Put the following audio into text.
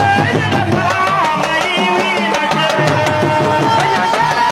Yeah.